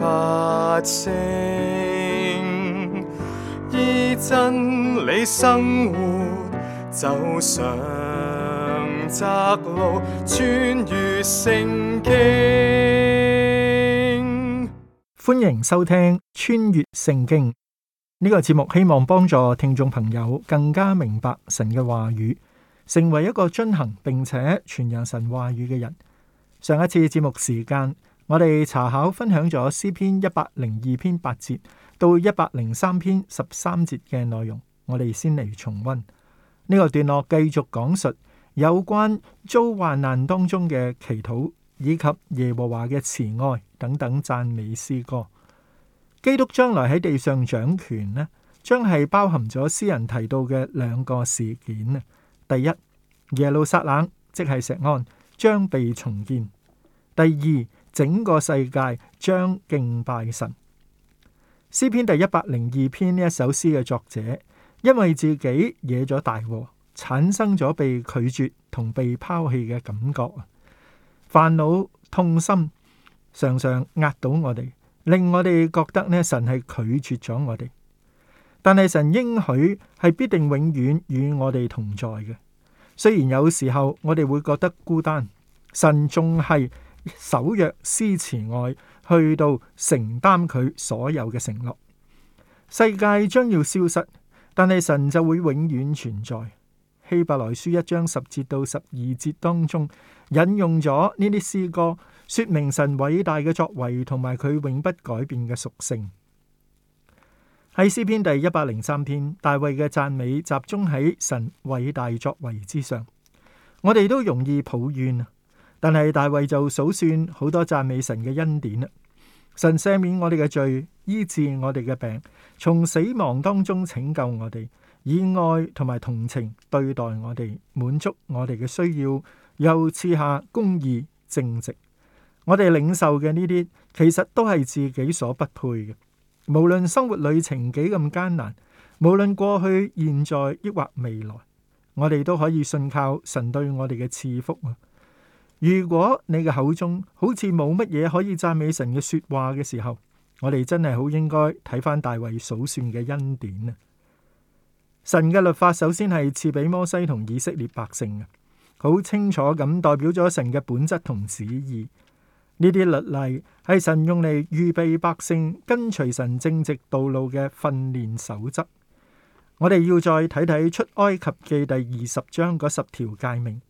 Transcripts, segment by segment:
發聲依真理生活，走上窄路，穿越聖經。歡迎收聽《穿越聖經》呢個節目，希望幫助聽眾朋友更加明白神嘅話語，成為一個遵行並且傳揚神話語嘅人。上一次節目時間。我哋查考分享咗詩篇一百零二篇八節到一百零三篇十三節嘅內容，我哋先嚟重溫呢個段落，繼續講述有關遭患難當中嘅祈禱以及耶和華嘅慈愛等等讚美詩歌。基督將來喺地上掌權呢，將係包含咗詩人提到嘅兩個事件啊。第一，耶路撒冷即係錫安將被重建；第二。整個世界將敬拜神。詩篇第一百零二篇呢一首詩嘅作者，因為自己惹咗大禍，產生咗被拒絕同被拋棄嘅感覺啊！煩惱、痛心，常常壓倒我哋，令我哋覺得呢，神係拒絕咗我哋。但係神應許係必定永遠與我哋同在嘅。雖然有時候我哋會覺得孤單，神仲係。守約施慈愛，去到承擔佢所有嘅承諾。世界將要消失，但係神就會永遠存在。希伯來書一章十節到十二節當中，引用咗呢啲詩歌，說明神偉大嘅作為同埋佢永不改變嘅屬性。喺詩篇第一百零三篇，大衛嘅讚美集中喺神偉大作為之上。我哋都容易抱怨但係大衛就數算好多讚美神嘅恩典啦。神赦免我哋嘅罪，醫治我哋嘅病，從死亡當中拯救我哋，以愛同埋同情對待我哋，滿足我哋嘅需要，又賜下公義、正直。我哋領受嘅呢啲，其實都係自己所不配嘅。無論生活旅程幾咁艱難，無論過去、現在抑或未來，我哋都可以信靠神對我哋嘅賜福啊！如果你嘅口中好似冇乜嘢可以讚美神嘅說話嘅時候，我哋真係好應該睇翻大衛數算嘅恩典啊！神嘅律法首先係賜俾摩西同以色列百姓嘅，好清楚咁代表咗神嘅本質同旨意。呢啲律例係神用嚟預備百姓跟隨神正直道路嘅訓練守則。我哋要再睇睇出埃及記第二十章嗰十條誡命。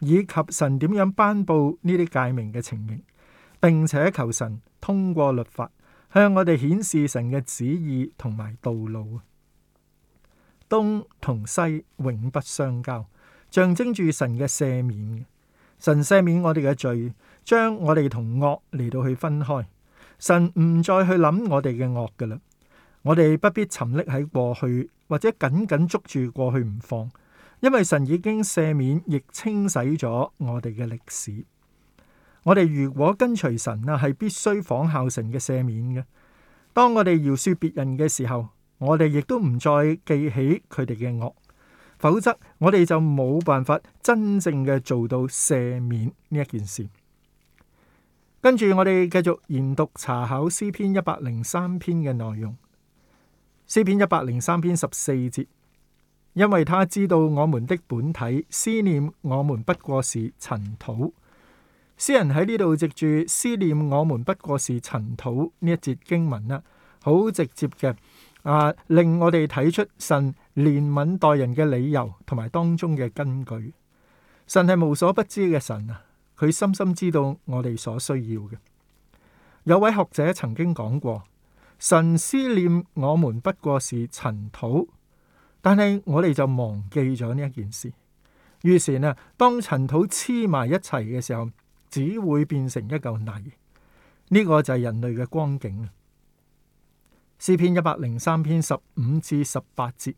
以及神點樣頒布呢啲誡命嘅情形，並且求神通過律法向我哋顯示神嘅旨意同埋道路。東同西永不相交，象徵住神嘅赦免。神赦免我哋嘅罪，將我哋同惡嚟到去分開。神唔再去諗我哋嘅惡㗎喇，我哋不必沉溺喺過去，或者緊緊捉住過去唔放。因為神已經赦免，亦清洗咗我哋嘅歷史。我哋如果跟隨神啊，係必須仿效神嘅赦免嘅。當我哋饒恕別人嘅時候，我哋亦都唔再記起佢哋嘅惡，否則我哋就冇辦法真正嘅做到赦免呢一件事。跟住我哋繼續研讀查考詩篇一百零三篇嘅內容，詩篇一百零三篇十四節。因為他知道我們的本體，思念我們不過是塵土。詩人喺呢度藉住思念我們不過是塵土呢一節經文啦，好直接嘅，啊，令我哋睇出神憐憫待人嘅理由同埋當中嘅根據。神係無所不知嘅神啊，佢深深知道我哋所需要嘅。有位學者曾經講過，神思念我們不過是塵土。但係我哋就忘記咗呢一件事，於是呢，當塵土黐埋一齊嘅時候，只會變成一嚿泥。呢個就係人類嘅光景。詩篇一百零三篇十五至十八節：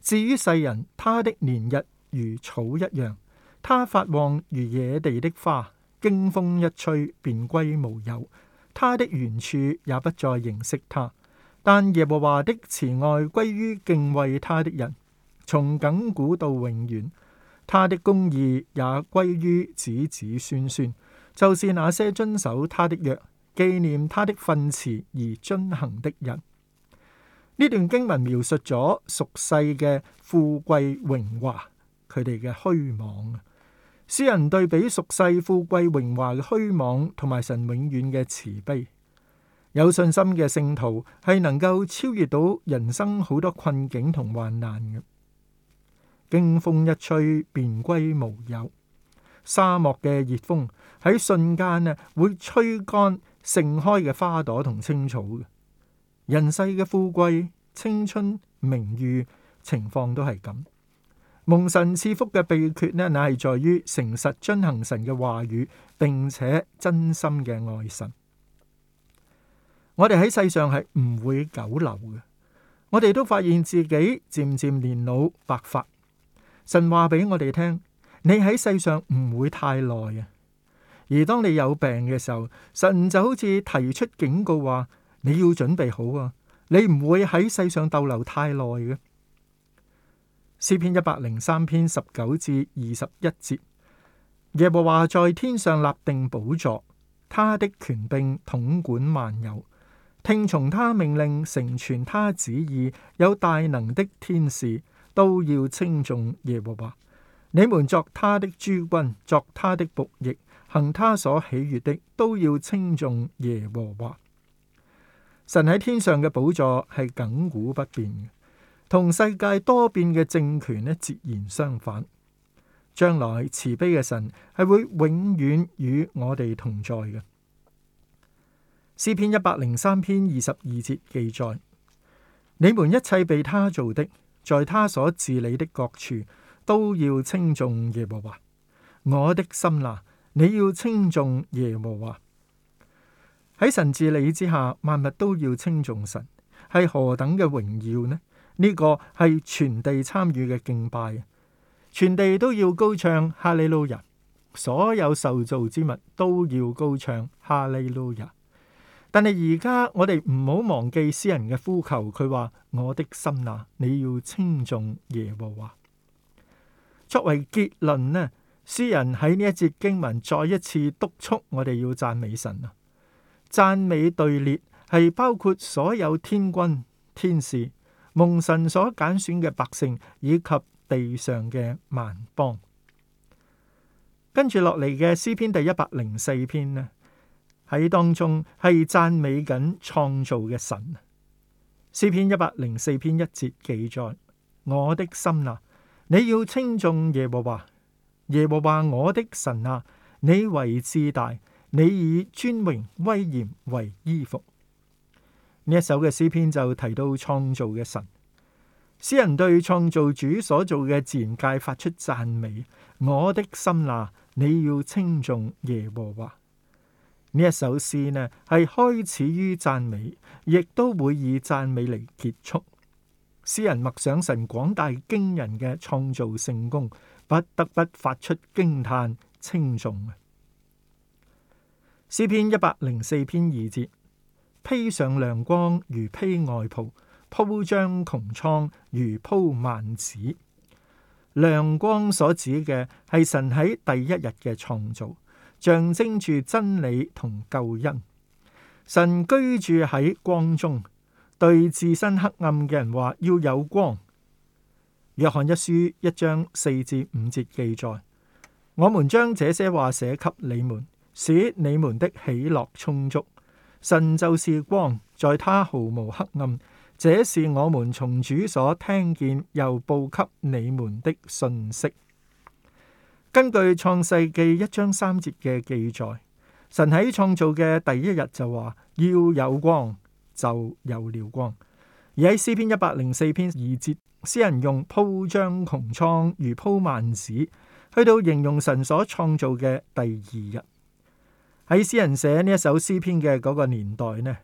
至於世人，他的年日如草一樣，他發旺如野地的花，經風一吹便歸無有，他的原處也不再認識他。但耶和華的慈愛歸於敬畏他的人，從亘古到永遠，他的公義也歸於子子孫孫，就是那些遵守他的約、紀念他的訓詞而遵行的人。呢段經文描述咗屬世嘅富貴榮華，佢哋嘅虛妄。詩人對比屬世富貴榮華嘅虛妄，同埋神永遠嘅慈悲。有信心嘅聖徒係能夠超越到人生好多困境同患難嘅。經風一吹便歸無有，沙漠嘅熱風喺瞬間咧會吹乾盛開嘅花朵同青草嘅。人世嘅富貴、青春、名譽情況都係咁。蒙神賜福嘅祕訣呢，乃係在於誠實遵行神嘅話語，並且真心嘅愛神。我哋喺世上係唔會久留嘅，我哋都發現自己漸漸年老白髮。神話俾我哋聽，你喺世上唔會太耐嘅。而當你有病嘅時候，神就好似提出警告話，你要準備好啊，你唔會喺世上逗留太耐嘅。詩篇一百零三篇十九至二十一節，耶和華在天上立定寶座，他的權柄統管萬有。聽從他命令，成全他旨意，有大能的天使都要稱頌耶和華。你們作他的諸軍，作他的僕役，行他所喜悅的，都要稱頌耶和華。神喺天上嘅寶座係亙古不變嘅，同世界多變嘅政權呢，截然相反。將來慈悲嘅神係會永遠與我哋同在嘅。詩篇一百零三篇二十二節記載：你們一切被他做的，在他所治理的各處都要稱頌耶和華。我的心呐，你要稱頌耶和華。喺神治理之下，萬物都要稱頌神，係何等嘅榮耀呢？呢、這個係全地參與嘅敬拜，全地都要高唱哈利路亞，所有受造之物都要高唱哈利路亞。」但係而家我哋唔好忘記詩人嘅呼求，佢話我的心啊，你要稱頌耶和華啊。作為結論呢，詩人喺呢一節經文再一次督促我哋要讚美神啊！讚美隊列係包括所有天君、天使、蒙神所揀選嘅百姓以及地上嘅萬邦。跟住落嚟嘅詩篇第一百零四篇呢？喺當中係讚美緊創造嘅神。詩篇一百零四篇一節記載：我的心啊，你要稱頌耶和華。耶和華我的神啊，你為至大，你以尊榮威嚴為衣服。呢一首嘅詩篇就提到創造嘅神。詩人對創造主所做嘅自然界發出讚美。我的心啊，你要稱頌耶和華。呢一首詩呢，係開始於讚美，亦都會以讚美嚟結束。詩人默想神廣大驚人嘅創造聖工，不得不發出驚嘆稱頌。詩篇一百零四篇二節：披上亮光如披外袍，鋪張穹蒼如鋪幔子。亮光所指嘅係神喺第一日嘅創造。象徵住真理同救恩，神居住喺光中，對自身黑暗嘅人話要有光。約翰一書一章四至五節記載：我們將這些話寫給你們，使你們的喜樂充足。神就是光，在他毫無黑暗。這是我們從主所聽見，又報給你們的信息。根據創世記一章三節嘅記載，神喺創造嘅第一日就話要有光，就有了光。而喺詩篇一百零四篇二節，詩人用鋪張穹蒼如鋪幔子，去到形容神所創造嘅第二日。喺詩人寫呢一首詩篇嘅嗰個年代呢，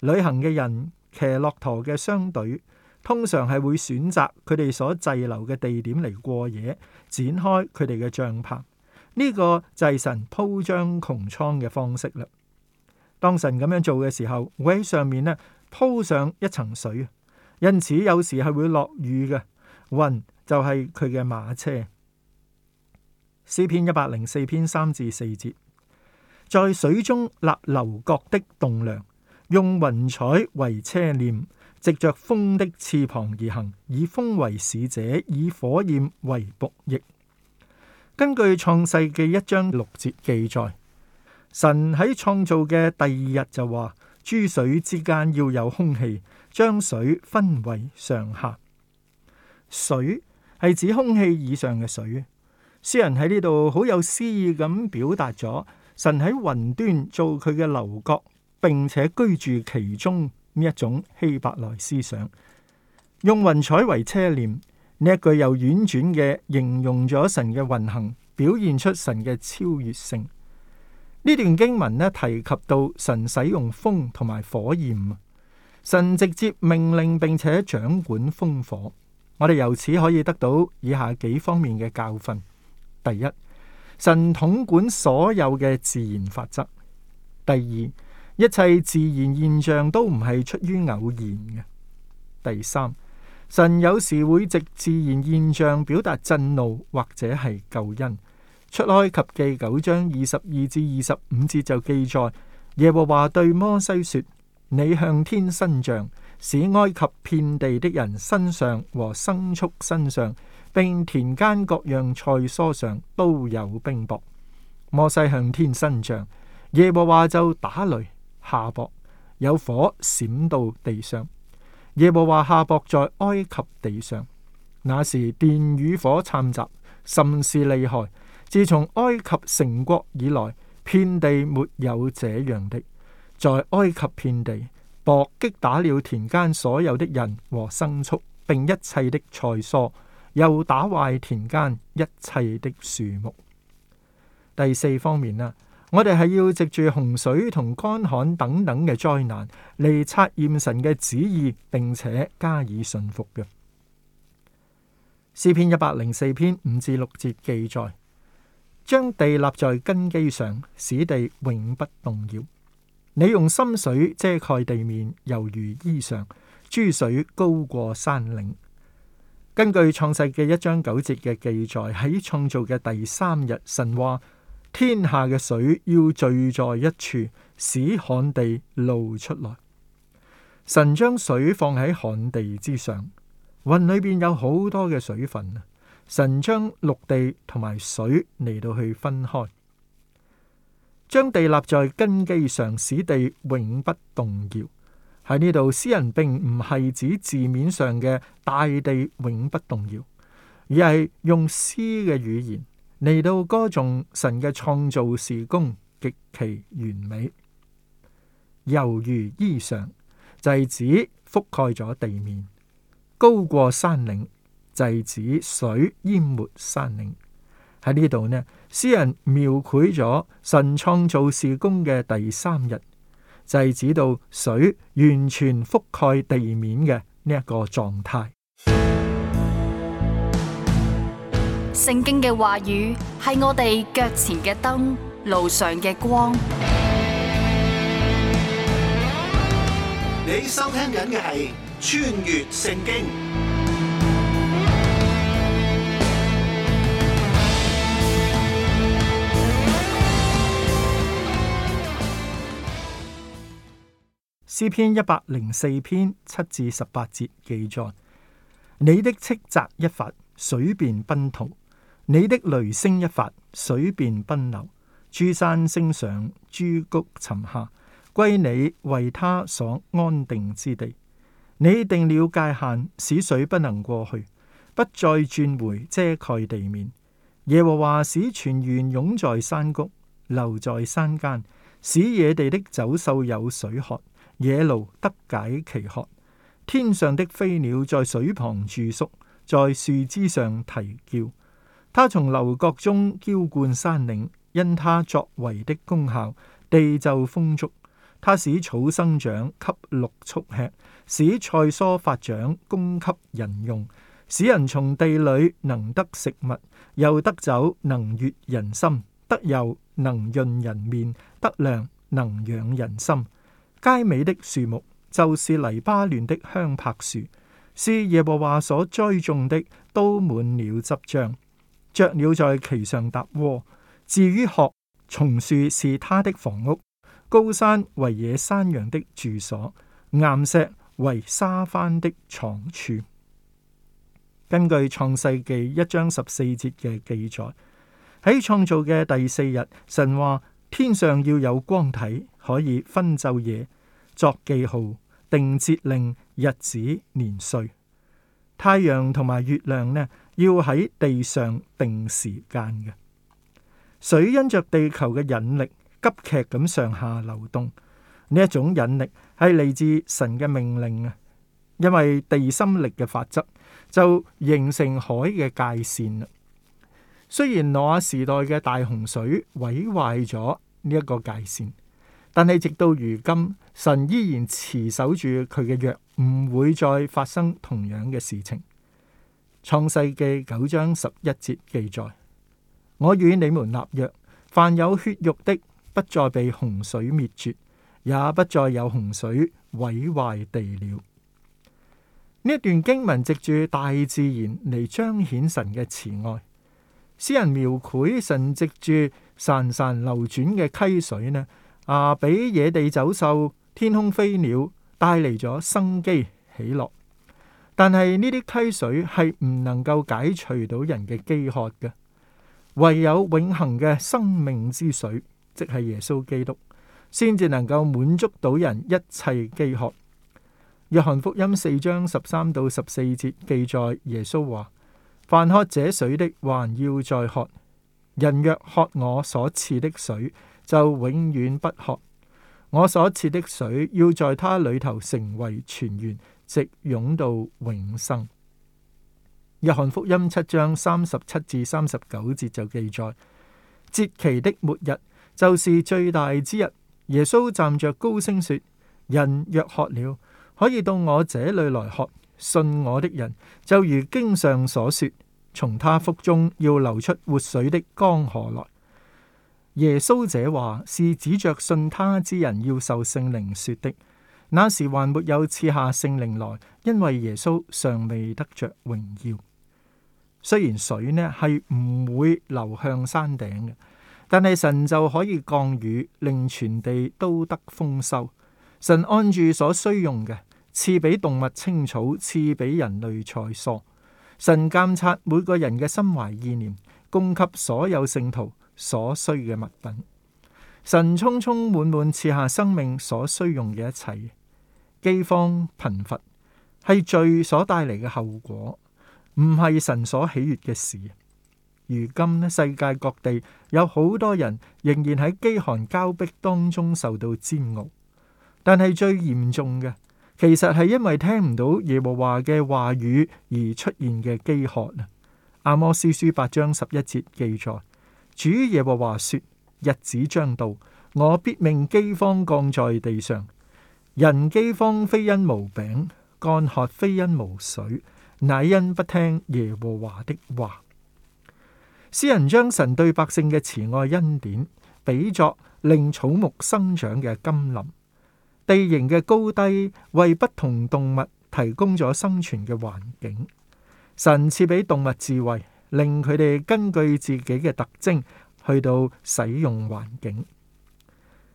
旅行嘅人騎駱駝嘅商隊。通常係會選擇佢哋所滯留嘅地點嚟過夜，展開佢哋嘅帳篷。呢個就係神鋪張穹蒼嘅方式啦。當神咁樣做嘅時候，會喺上面呢鋪上一層水，因此有時係會落雨嘅。雲就係佢嘅馬車。詩篇一百零四篇三至四節，在水中立樓閣的棟梁，用雲彩為車輦。藉着風的翅膀而行，以風為使者，以火焰為僕役。根據《創世記》一章六節記載，神喺創造嘅第二日就話：諸水之間要有空氣，將水分為上下。水係指空氣以上嘅水。詩人喺呢度好有詩意咁表達咗，神喺雲端做佢嘅樓閣，並且居住其中。呢一種希伯來思想，用雲彩為車輦，呢一句又婉轉嘅形容咗神嘅運行，表現出神嘅超越性。呢段經文呢提及到神使用風同埋火焰，神直接命令並且掌管風火。我哋由此可以得到以下幾方面嘅教訓：第一，神統管所有嘅自然法則；第二。一切自然現象都唔係出於偶然嘅。第三，神有時會藉自然現象表達震怒或者係救恩。出埃及記九章二十二至二十五節就記載，耶和華對摩西說：你向天伸杖，使埃及遍地的人身上和牲畜身上，并田間各樣菜蔬上都有冰雹。摩西向天伸杖，耶和華就打雷。下雹有火閃到地上，耶和華下雹在埃及地上。那時電與火摻雜，甚是厲害。自從埃及成國以來，遍地沒有這樣的。在埃及遍地雹擊打了田間所有的人和牲畜，並一切的菜蔬，又打壞田間一切的樹木。第四方面啦。我哋係要藉住洪水同乾旱等等嘅災難嚟測驗神嘅旨意，並且加以信服嘅。詩篇一百零四篇五至六節記載：將地立在根基上，使地永不動搖。你用深水遮蓋地面，猶如衣裳；珠水高過山嶺。根據創世記一章九節嘅記載，喺創造嘅第三日，神話。天下嘅水要聚在一處，使旱地露出來。神將水放喺旱地之上，雲裏邊有好多嘅水分，神將陸地同埋水嚟到去分開，將地立在根基上，使地永不動搖。喺呢度，詩人並唔係指字面上嘅大地永不動搖，而係用詩嘅語言。嚟到歌頌神嘅創造事工極其完美，猶如衣裳；就係指覆蓋咗地面，高過山嶺；就係指水淹沒山嶺。喺呢度呢，詩人描繪咗神創造事工嘅第三日，就係指到水完全覆蓋地面嘅呢一個狀態。聖經嘅話語係我哋腳前嘅燈，路上嘅光。你收聽緊嘅係《穿越聖經》詩篇一百零四篇七至十八節記載：「你的斥責一發，水便奔逃。你的雷聲一發，水便奔流，珠山升上，珠谷沉下，歸你為他所安定之地。你定了界限，使水不能過去，不再轉回遮蓋地面。耶和華使泉源湧在山谷，流在山間，使野地的走獸有水喝，野驢得解其渴。天上的飛鳥在水旁住宿，在樹枝上啼叫。他從樓閣中澆灌山嶺，因他作為的功效，地就豐足。他使草生長，給六畜吃；使菜蔬發長，供給人用；使人從地裏能得食物，又得酒，能悅人心；得油，能潤人面；得糧，能養人心。佳美的樹木就是黎巴嫩的香柏樹，是耶和華所栽種的，都滿了汁漿。雀鳥在其上搭窩，至於鶴，松樹是他的房屋；高山為野山羊的住所，岩石為沙番的藏處。根據《創世記》一章十四節嘅記載，喺創造嘅第四日，神話天上要有光體，可以分晝夜、作記號、定節令、日子年歲、年歲。太陽同埋月亮呢，要喺地上定時間嘅。水因着地球嘅引力急劇咁上下流動，呢一種引力係嚟自神嘅命令啊！因為地心力嘅法則，就形成海嘅界線啦。雖然挪亞時代嘅大洪水毀壞咗呢一個界線，但係直到如今，神依然持守住佢嘅約。唔會再發生同樣嘅事情。創世記九章十一節記載：我與你們立約，凡有血肉的不再被洪水滅絕，也不再有洪水毀壞地了。呢一段經文藉住大自然嚟彰顯神嘅慈愛，詩人描繪神藉住潺潺流轉嘅溪水呢，啊，俾野地走獸、天空飛鳥。帶嚟咗生機喜樂，但係呢啲溪水係唔能夠解除到人嘅飢渴嘅，唯有永恆嘅生命之水，即係耶穌基督，先至能夠滿足到人一切飢渴。《約翰福音》四章十三到十四節記載，耶穌話：「凡喝這水的還要再喝，人若喝我所賜的水，就永遠不渴。我所賜的水，要在他裏頭成為泉源，直湧到永生。《約翰福音》七章三十七至三十九節就記載：節期的末日就是最大之日。耶穌站着高聲說：人若渴了，可以到我這裏來喝。信我的人，就如經上所說，從他腹中要流出活水的江河來。耶穌者話是指着信他之人要受聖靈說的。那時還沒有賜下聖靈來，因為耶穌尚未得着榮耀。雖然水呢係唔會流向山頂嘅，但係神就可以降雨，令全地都得豐收。神按住所需用嘅賜俾動物青草，賜俾人類菜蔬。神監察每個人嘅心懷意念，供給所有聖徒，所需嘅物品，神充充滿滿賜下生命所需用嘅一切。饑荒貧乏係罪所帶嚟嘅後果，唔係神所喜悅嘅事。如今世界各地有好多人仍然喺饑寒交迫當中受到煎熬。但係最嚴重嘅，其實係因為聽唔到耶和華嘅話語而出現嘅饑渴。阿摩斯書八章十一節記載。主耶和華說：日子將到，我必命饑荒降在地上。人饑荒非因無餅，乾渴非因無水，乃因不聽耶和華的話。詩人將神對百姓嘅慈愛恩典，比作令草木生長嘅甘霖。地形嘅高低，為不同動物提供咗生存嘅環境。神賜俾動物智慧，令佢哋根據自己嘅特徵去到使用環境。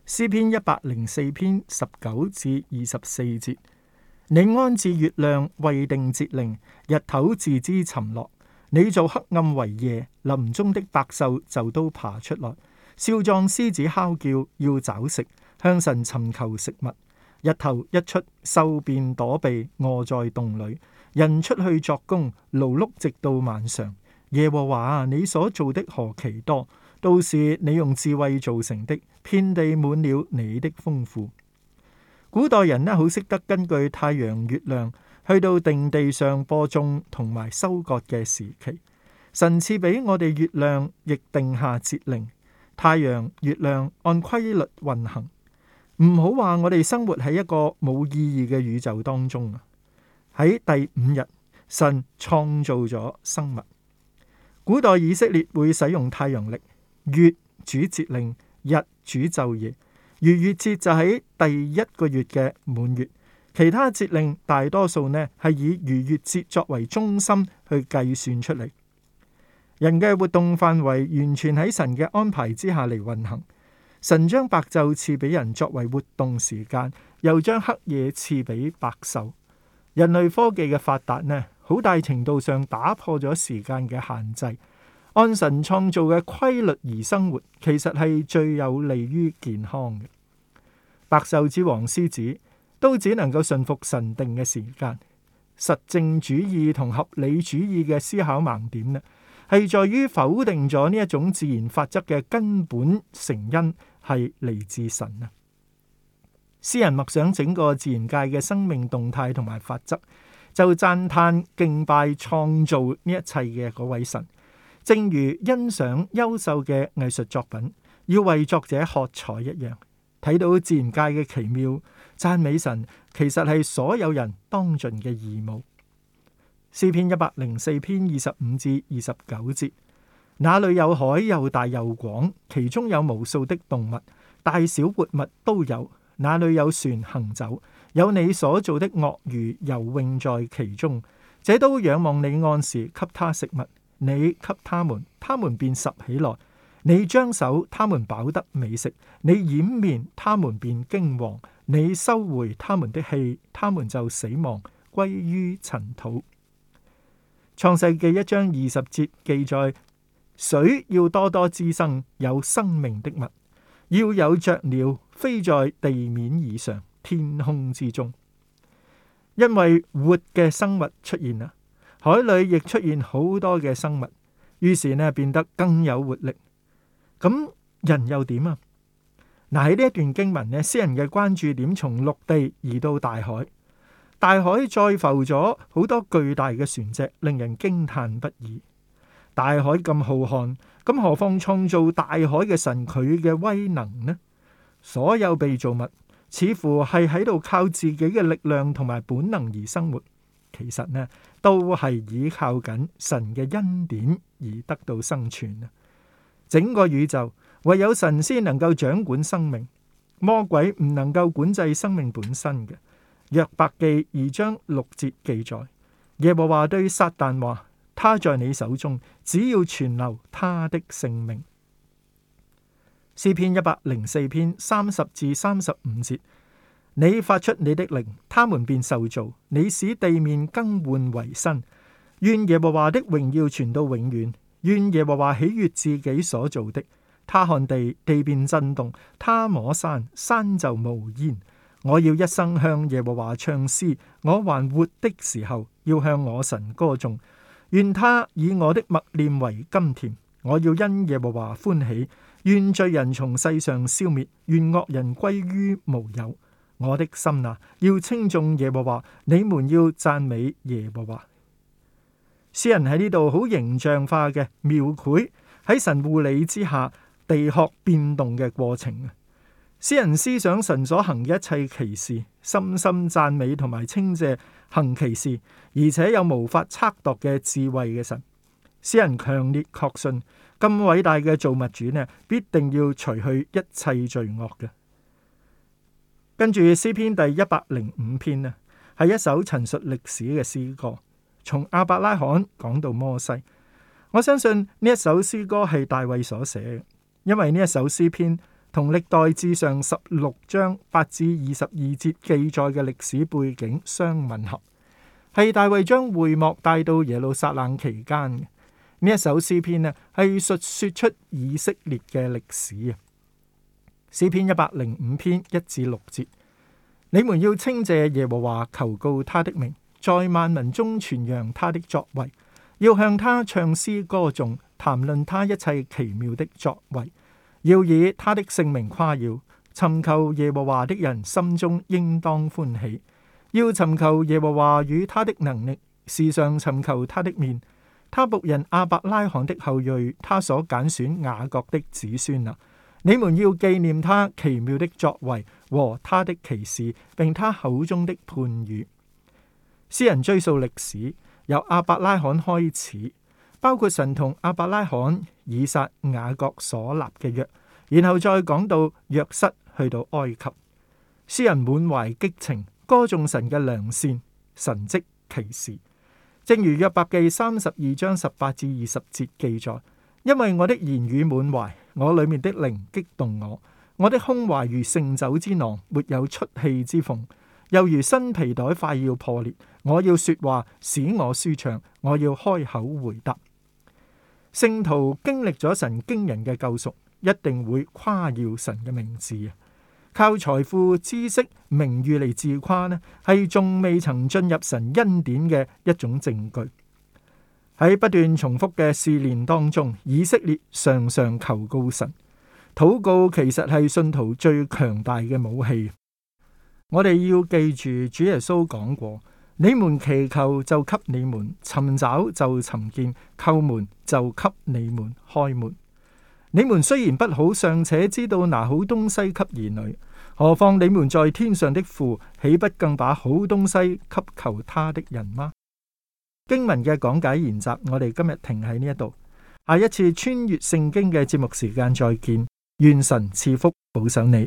詩篇一百零四篇十九至二十四節：你安置月亮為定節令，日頭自知沉落。你做黑暗為夜，林中的百獸就都爬出來，少壯獅子吼叫要找食，向神尋求食物。日頭一出，獸便躲避，卧在洞裏；人出去作工，勞碌直到晚上。耶和華，你所做的何其多，都是你用智慧造成的，遍地滿了你的豐富。古代人呢，好識得根據太陽、月亮去到定地上播種同埋收割嘅時期。神賜俾我哋月亮亦定下節令，太陽、月亮按規律運行。唔好話我哋生活喺一個冇意義嘅宇宙當中啊。喺第五日，神創造咗生物。古代以色列會使用太陽曆，月主節令，日主晝夜。逾越節就喺第一個月嘅滿月，其他節令大多數呢係以逾越節作為中心去計算出嚟。人嘅活動範圍完全喺神嘅安排之下嚟運行。神將白晝賜俾人作為活動時間，又將黑夜賜俾百獸。人類科技嘅發達呢，好大程度上打破咗時間嘅限制，按神創造嘅規律而生活，其實，係最有利於健康嘅。百獸之王獅子都只能夠順服神定嘅時間。實證主義同合理主義嘅思考盲點，咧，係在於否定咗呢一種自然法則嘅根本成因係嚟自神啊。詩人默想整個自然界嘅生命動態同埋法則。就讚嘆敬拜創造呢一切嘅嗰位神，正如欣賞優秀嘅藝術作品，要為作者喝彩一樣。睇到自然界嘅奇妙，讚美神其實係所有人當盡嘅義務。詩篇一百零四篇二十五至二十九節：「那裡有海又大又廣，其中有無數的動物，大小活物都有；那裡有船行走。」有你所做的鱷魚游泳在其中，這都仰望你按時給他食物，你給他們，他們便拾起來。你張手，他們飽得美食；你掩面，他們便驚惶；你收回他們的氣，他們就死亡，歸於塵土。創世記一章二十節記載：水要多多滋生有生命的物，要有雀鳥飛在地面以上。天空之中，因為活嘅生物出現啦，海裏亦出現好多嘅生物，於是咧，變得更有活力。咁人又點啊？嗱，喺呢一段經文咧，詩人嘅關注點從陸地移到大海，大海再浮咗好多巨大嘅船隻，令人驚嘆不已。大海咁浩瀚，咁何況創造大海嘅神佢嘅威能呢？所有被造物。似乎係喺度靠自己嘅力量同埋本能而生活，其實呢都係依靠緊神嘅恩典而得到生存啊！整個宇宙唯有神先能夠掌管生命，魔鬼唔能夠管制生命本身嘅。約伯記二章六節記載，耶和華對撒旦話：他在你手中，只要存留他的性命。詩篇一百零四篇三十至三十五節，你發出你的靈，他們便受造；你使地面更換為新，願耶和華的榮耀傳到永遠，願耶和華喜悅自己所做的。他看地，地便震動；他摸山，山就冒煙。我要一生向耶和華唱詩，我還活的時候，要向我神歌頌。願他以我的默念為甘甜，我要因耶和華歡喜。願罪人從世上消滅，願惡人歸於無有。我的心啊，要稱頌耶和華，你們要讚美耶和華。詩人喺呢度好形象化嘅描繪喺神護理之下地殼變動嘅過程。詩人思想神所行嘅一切奇事，深深讚美同埋稱謝行奇事，而且有無法測度嘅智慧嘅神。詩人強烈確信。咁偉大嘅造物主呢，必定要除去一切罪惡嘅。跟住詩篇第一百零五篇啊，係一首陳述歷史嘅詩歌，從亞伯拉罕講到摩西。我相信呢一首詩歌係大衛所寫嘅，因為呢一首詩篇同歷代志上十六章八至二十二節記載嘅歷史背景相吻合，係大衛將會幕帶到耶路撒冷期間。呢一首詩篇呢，係述說出以色列嘅歷史啊！詩篇一百零五篇一至六節，你們要稱謝耶和華，求告他的名，在萬民中傳揚他的作為，要向他唱詩歌頌，談論他一切奇妙的作為，要以他的聖名誇耀。尋求耶和華的人心中應當歡喜，要尋求耶和華與他的能力，時常尋求他的面。他僕人亞伯拉罕的後裔，他所揀選雅各的子孫啊！你們要紀念他奇妙的作為和他的奇事，並他口中的判語。詩人追溯歷史，由亞伯拉罕開始，包括神同亞伯拉罕、以撒、雅各所立嘅約，然後再講到約失去到埃及。詩人滿懷激情，歌頌神嘅良善、神蹟奇事、奇事。正如約伯記三十二章十八至二十節記載，因為我的言語滿懷，我裏面的靈激動我，我的胸懷如盛酒之囊，沒有出氣之縫，又如新皮袋快要破裂。我要說話，使我舒暢；我要開口回答。聖徒經歷咗神驚人嘅救贖，一定會誇耀神嘅名字靠財富、知識、名譽嚟自誇呢，係仲未曾進入神恩典嘅一種證據。喺不斷重複嘅試煉當中，以色列常常求告神禱告，其實係信徒最強大嘅武器。我哋要記住主耶穌講過：你們祈求就給你們，尋找就尋見，叩門就給你們開門。你們雖然不好，尚且知道拿好東西給兒女。何況你們在天上的父，豈不更把好東西給求他的人嗎？經文嘅講解研習，我哋今日停喺呢一度，下一次穿越聖經嘅節目時間再見，願神賜福保守你。